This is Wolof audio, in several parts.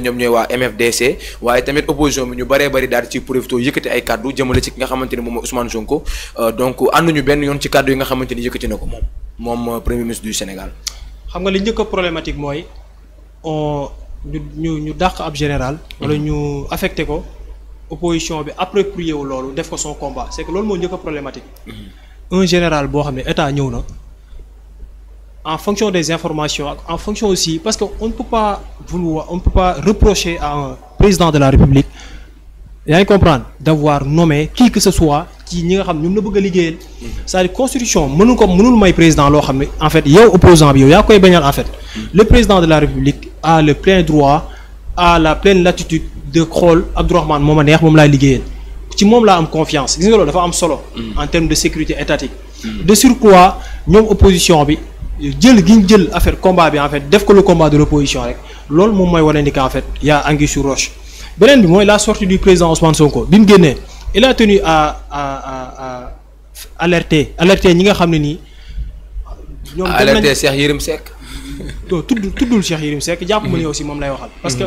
ñoom ñooy waa MFDC waaye tamit opposition bi ñu bëree bari daal ci profito yëkkati ay kàddu jëmale ci ki nga xamante ni moom mooy Ousmane Sonko euh, donc ànduñu benn yoon ci kàddu yi nga xamante ni yëkkati na ko moom moom euh, premier ministre du Sénégal. xam nga li njëkk a problématique mooy ñu ñu ñu dàq ab général. wala mm-hmm. ñu affecté ko opposition bi approprié wu loolu def ko son combat c'est que loolu moo njëkk a problématique. Mm-hmm. un général boo xam ne état ñëw na. en fonction des informations en fonction aussi parce que on ne peut pas vouloir on reprocher à un président de la république yaa ngi comprendre d'avoir nommé qui que ce soit ci ñi nga xam ñoom la bëgg a liggéeyal c'est-à-dire constitution mënu ko mënul may président loo xam ne en fait yow opposant bi yow yaa koy bañal en fait le président de la république a à la pleine latitude de xool Abdourahmane moom a neex moom laay liggéeyal ci moom laa am confiance gis nga dafa am solo mm. en de sécurité étatique mm. de surcroît ñoom opposition bi jël gi jël affaire combat bi en fait def ko le combat de l'opposition rek loolu moom mooy wane ni que en fait y a anguille roche beneen bi mooy la sortie du président Ousmane Sonko bi mu génnee il a tenu ñi nga xam ne nii. ñoom dem nañ alerter Cheikh Yérim Seck. non tudd tuddul Cheikh Yérim jàpp ma ne mm-hmm. aussi moom lay waxal. Mm-hmm. parce que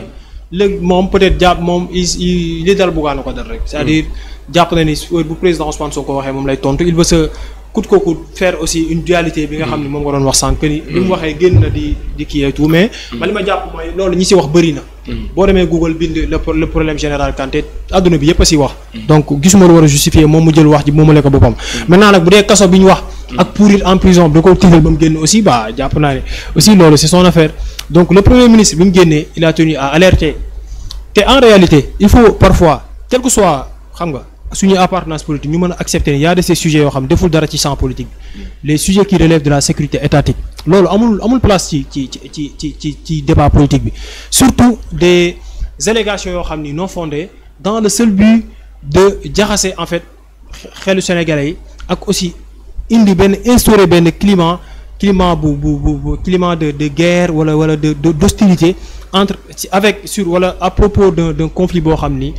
léegi moom peut-être jàpp moom il li dal ko dal rek. c'est-à-dire mm-hmm. jàpp na ni bu président Ousmane Sonko waxee moom lay tontu il veut se coûte que coûte faire aussi une dualité bi nga xam ne mm. moom nga doon wax sànq ni. li mu mm. waxee génn na di di kii et tout mais. Mm. man li ma jàpp mooy loolu ñi si wax bëri na. boo demee Google bind le problème général Kanté adduna bi yëpp a si wax. donc gisuma lu war a justifier moom mu jël wax ji moomale ko boppam. maintenant nag bu dee kaso bi ñu wax. ak pourrir en prison da ko tiital ba mu génn aussi ba jàpp naa ne aussi loolu c'est son affaire donc le premier ministre bi mu génnee il a tenu à alerter te en réalité il faut parfois quel que soit xam nga. suñu appartenance politique ñu mën a accepter ne y a de ces sujets yoo xam deful dara ci champ politique bi les sujets qui relèvent de la sécurité étatique loolu amul amul place ci ci ci ci ci ci débat politique bi surtout des allégations yoo xam ni non fondées dans le seul but de jaxase en fait xelu sénégalais yi ak aussi indi benn instaurer benn climat climat bu bu bu climat de de guerre wala wala de d'hostilité entre avec sur wala à propos de conflit boo xam ni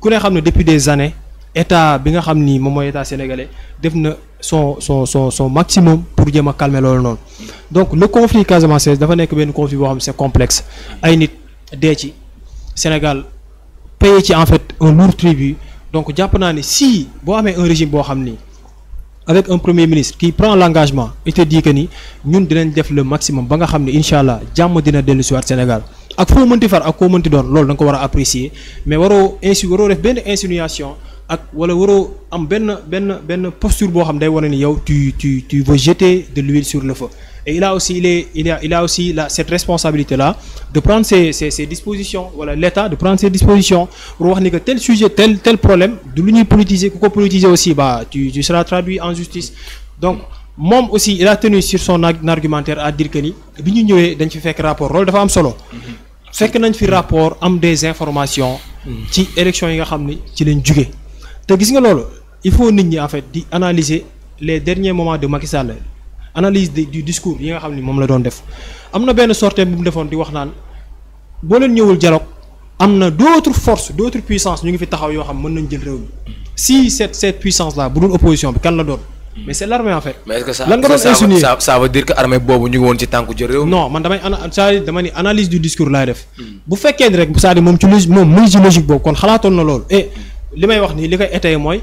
ku ne xam ne depuis des années état bi nga xam ni moom mooy état sénégalais def na son so so son maximum pour jéem a calmer loolu noonu donc le conflit casamançais dafa nekk benn conflit boo xam ne c'est complexe ay nit dee ci Sénégal paye ci en fait un lourd tribut donc jàpp naa ne si boo amee un régime boo xam ni avec un premier ministre qui prend l'engagement et te ni ñun dinañ def le maximum ba nga xam ne incha allah jàmm dina dellu si waat Sénégal ak foo mënti far ak koo mënti doon loolu da nga ko war a apprécier mais waroo insi waroo def benn insinuation. ak wala waroo am benn benn benn posture boo xam day wane ni yow tu tu tu veux jeter de aussi il est la cette responsabilité wala l'État de prendre ses dispositions pour ni que tel sujet tel tel problème du lu ñuy politiser aussi bah tu tu seras traduit en justice donc moom aussi a tenu sur à dire que ni dañ fi fekk rapport loolu dafa am solo mm-hmm. fekk nañ fi rapport am des informations mm-hmm. ci élections yi nga xam ni ci lañ jugee te gis nga loolu il faut nit ñi en fait di analyser les derniers moments de Macky Sall analyse du discours yi nga xam ni moom la doon def am na benn sorte bu mu defoon di wax naan boo leen ñëwul dialogue am na d'autres forces d'autres puissances ñu ngi fi taxaw yoo xam mën nañ jël réew puissance là bu dul opposition bi kan la doon. mais c'est l'armée en lan nga doon insinuer ça ça veut dire que armée boobu ñu ngi woon ci tànku jël réew mi. non man damay ni analyse du discours laay def. Hmm. bu fekkee ni rek cest à moom ci logique moom muy ci logique boobu xalaatoon na loolu li may wax nii li koy étayé mooy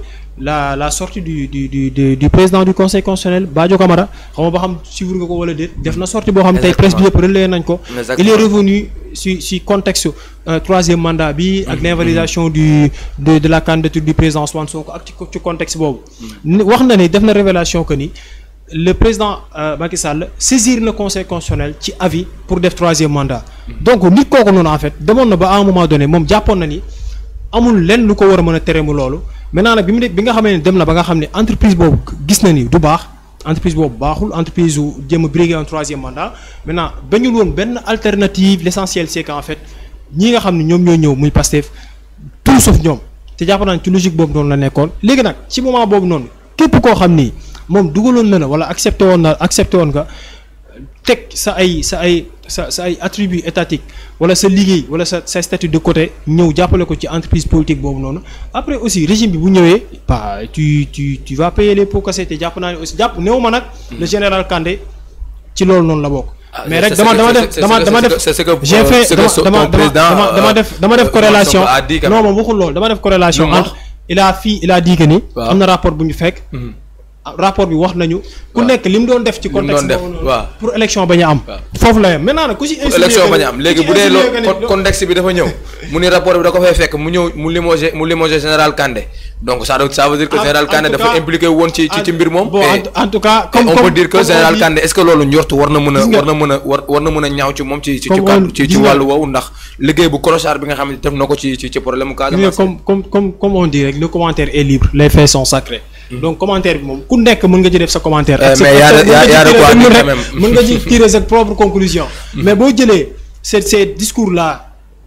la la sortie du du du du président du conseil constitutionnel Badio Camara xam nga ba xam suivre nga ko wala déet def na sortie boo xam tey presse bi yëpp relayé nañ ko il est revenu si si contexte euh, troisième mandat bi ak mm-hmm. l'invalidation du de de la candidature du président Ousmane Sonko ak ci contexte boobu mm-hmm. wax na ni def na révélation que ni le président euh, Macky Sall saisir na conseil constitutionnel ci avis pour def troisième mandat mm-hmm. donc nit kooku noonu demoon na ba à un moment moom jàppoon na ni amul lenn lu ko war a mën a tere mu loolu maintenant nag bi mu ne bi nga xamee ne dem na ba nga xam ne entreprise boobu gis na ni du baax entreprise boobu baaxul entreprise wu jéem a briguer un troisième mandat maintenant bañul woon benn alternative l' essentiel c' en fait ñi nga xam ne ñoom ñoo ñëw muy Pastef tout sauf ñoom te jàpp naa ne ci logique boobu noonu la nekkoon léegi nag ci moment boobu noonu képp koo xam ni moom dugaloon na la wala accepté woon na accepté woon nga teg sa ay sa ay sa sa ay attribut étatique wala sa liggéey wala sa sa de côté ñëw jàppale ko ci entreprise politique boobu noonu après aussi régime bi bu ñëwee bah tu tu tu vas payer les jàpp naa ne aussi jàpp néew ma nag. Hmm. le général Kandé ci loolu noonu la bokk. Ah, mais rek dama dama def dama dama def j'ai fait dama dama dama def dama def corrélation non moom waxul loolu dama def corrélation entre il a fii il a dit que am na rapport bu ñu fekk. Hmm. rapport bi wax nañu. ku nekk li mu doon def ci contexte boobu pour élection bañ am. foofu la yem maintenant nag ku si. élection bañ am léegi bu dee loolu contexte bi dafa ñëw. mu ni rapport bi da ko fay fekk mu ñëw mu limogé mu limogé général Kandé donc ça ça veut dire que général Kandé dafa impliqué ci ci mbir moom. bon en tout cas comme on peut dire que général Kandé est ce que a. a war a ñaaw ci moom. ci ci ci ci ndax liggéey bu corochard bi nga xam ne def na ko ci ci problème mu. Casamance comme comme comme on commentaire est libre les faits sont sacrés mm-hmm. donc commentaire ku nekk mën nga ci def sa commentaire. Eh, ak sa mën nga ci tirer sa propre conclusion. Mm. mais boo jëlee ces ces discours là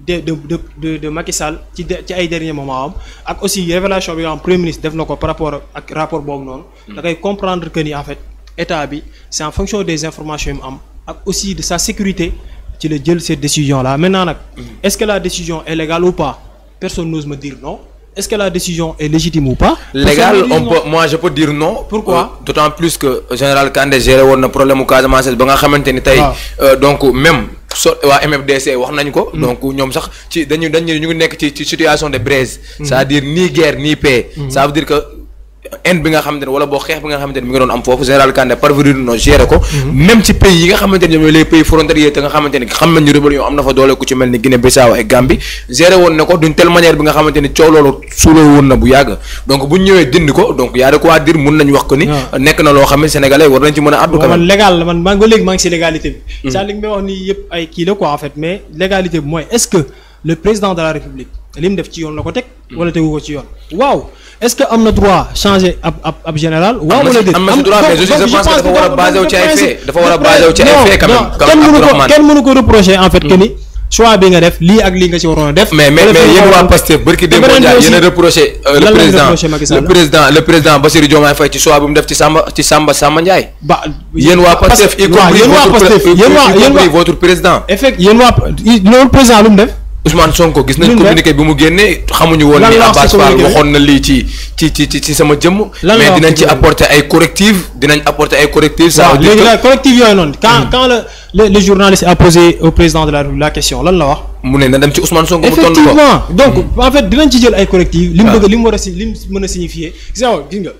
de de de de de Macky Sall ci ci ay dernier moment am ak aussi révélation bi nga xam premier ministre def na ko par rapport ak rapport boobu noonu. Mm. da ngay comprendre que ni en fait état bi c' est fonction des informations yu mu am ak aussi de sa sécurité ci la jël cette décision là maintenant nag. Mm. est ce que la décision est ou pas personne n'ose me dire non. est-ce que la décision est légitime ou pas. légal on peut moi je peux dire non. pourquoi euh, d'autant plus que général Kandé géré woon na problème mu ba nga xamante ni tey. Ah. Euh, donc même. so waa MFDC wax nañ ko. Hmm. donc ñoom sax ci dañu dañu ñu ngi nekk ci ci situation des braise. Hmm. c'est-à-dire ni guerre ni paix. Hmm. ça veut dire que haine bi nga xamante ne boo xeex bi nga xamante ne mi doon am foofu général Kandé parvenir no gérer ko même ci pays yi nga xamante ne ñoom les pays te nga xamante ne xam nañ ni rébellion am na fa doole ku ci mel ni Guinée Bissau ak Gambie gérer woon na ko d'une telle manière bi nga xamante coow loolu suuloo woon na bu yàgg donc buñ ñëwee dindi ko donc yaa de quoi dire mun nañ wax ko ni ah. nekk na loo xam ne sénégalais war nañ est-ce que am na droit changer ab général. waaw wala am na droit mais je pense que dafa a basé wu ci ay faits dafa war a basé wu ci ay faits. quand même kenn mënu ko kenn mënu ko reprocher en fait que hmm. ni. bi nga def lii ak lii nga ci waroon def. mais mais mais yéen waa Pastef barki démb Ndiaye yéen a reproché. Euh, le président le président le ci choix bi mu def ci Samba Samba Samba Ndiaye. ba waa Pastef. waaw yéen euh, waa votre président. effectivement yéen waa loolu président lu mu def. Ousmane Sonko gis nañ communiqué bi mu génnee xamuñu woon ni Abbas Fall waxoon na lii ci ci ci ci sama jëmm mais dinañ ci apporter ay correctifs dinañ apporter ay correctifs ça léegi la correctifs yooyu noonu quand hmm. le journaliste a posé au président de la République la question lan la wax mu ne na dem ci Ousmane Sonko mu tontu ko donc hmm. en fait dinañ ci jël ay correctifs li mu ah. bëgg li mu war a si li mu a signifier gis nga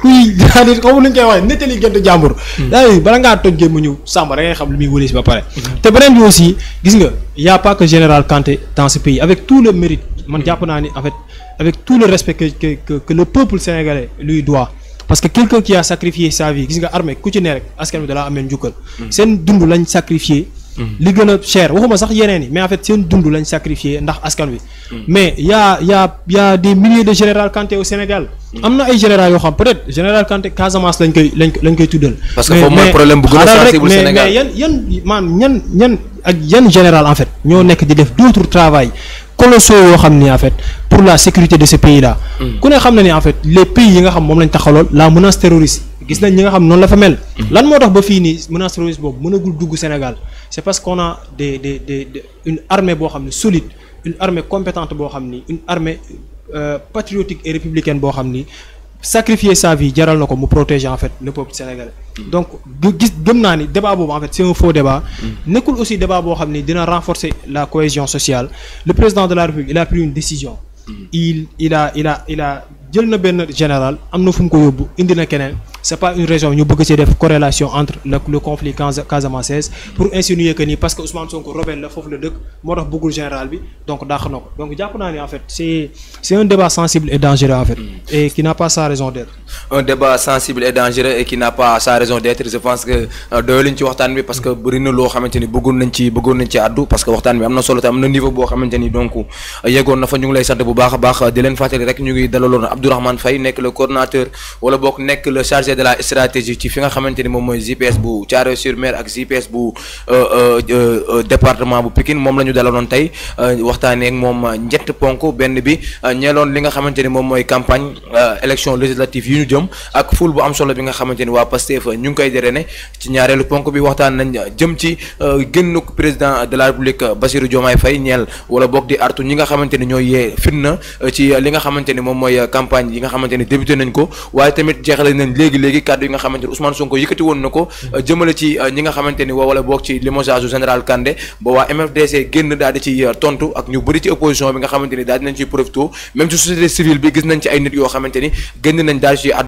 kuy jaanit xaw ma nuñ koy waxee nettali gént jàmbur. daal hmm. bala ngaa toj mu ñëw sàmba da xam lu muy wëlee ba pare. Hmm. te beneen bi aussi gis nga y' a pas que général Kanté dans ce pays avec tout le mérite man hmm. jàpp naa ni en fait avec tout le respect que que que le peuple sénégalais lui doit. parce que quelqu'un qui a sacrifié sa vie gis nga armée ku ci ne rek askan wi dalaa ameen njukkal. seen dund lañ sacrifié. li gën a cher waxuma sax yeneen yi mais en fait seen dund lañ sacrifié ndax askan wi. mais y' a y' a y' a des milliers am na ay général yoo xam peut-être général Kanté Casamance lañ koy lañ lañ koy tuddal. parce que foofu mooy problème bu gën a sensible Sénégal mais ñan ñan ak yan général en fait ñoo nekk di def d'autres travail colossaux yoo xam ni en fait pour la sécurité de ce pays là. Hmm. ku ne xam na ni en fait les pays yi nga xam moom lañ taxawlool la menace terroriste. gis nañ ñi nga xam noonu la fa mel. Hmm. lan moo tax ba fii nii menace terroriste boobu mënagul dugg Sénégal c'est parce qu'on a des des des une xam ne solide une armée boo xam ni une Euh, patriotique et républicaine boo xam ni sacrifier sa vie jaral na ko mu protéger en fait le peuple sénégalais. Mm. donc gis gëm naa ni débat boobu en fait c'est un faux débat. Mm. nekkul aussi débat boo xam ni dina renforcer la cohésion sociale le président de la république il a pris une décision. Mm. il il a il a jël na benn général am na fu mu ko yóbbu indi na keneen. c'est pas une raison ñu bëgg ci def corrélation entre le le conflit casamançaise pour insinuer que nii parce que Ousmane Sonko rebelle la foofu la dëkk moo tax bëggul général bi donc dàq ko donc jàpp naa ni en fait c'est un débat sensible et dangereux en fait mm. qui n'a pas sa raison d'être un débat sensible et dangereux et qui n'a pas sa raison d'être je pense que euh, doyo luñ ci waxtaan na loo xamante ni bëggoon nañ parce que waxtaan bi am na solo te am na euh, a baax di leen fàttali changé de la stratégie ci fi nga xamante ni moom mooy GPS bu Thiaroye sur Mer ak GPS bu euh, euh, euh, département bu Pikine moom la ñu dalaloon tey waxtaaneek moom ñett ponk benn bi ñeeloon li nga xamante ni moom mooy campagne élection législative yi ñu jëm ak ful bu am solo bi nga xamante ni waa Pastef ñu ngi koy jëree ne ci ñaareelu bi waxtaan nañ jëm ci génnuk président de la République Bassirou Diomaye Faye ñeel wala boog di artu ñi nga xamante ni ñooy yee fitna ci li nga xamante ni moom mooy campagne yi nga xamante ni débuté nañ ko waaye tamit jeexale nañ léegi léegi kàddu yi nga xamante ne Ousmane yëkkati woon na ko euh, jëmale ci euh, ñi nga xamante ni boog ci limogeage génn daal di ci euh, tontu ak ñu bëri ci opposition bi nga xamante ni daal dinañ ciy profité même ci société civile bi gis nañ ci ay nit yoo xamante génn nañ daal ci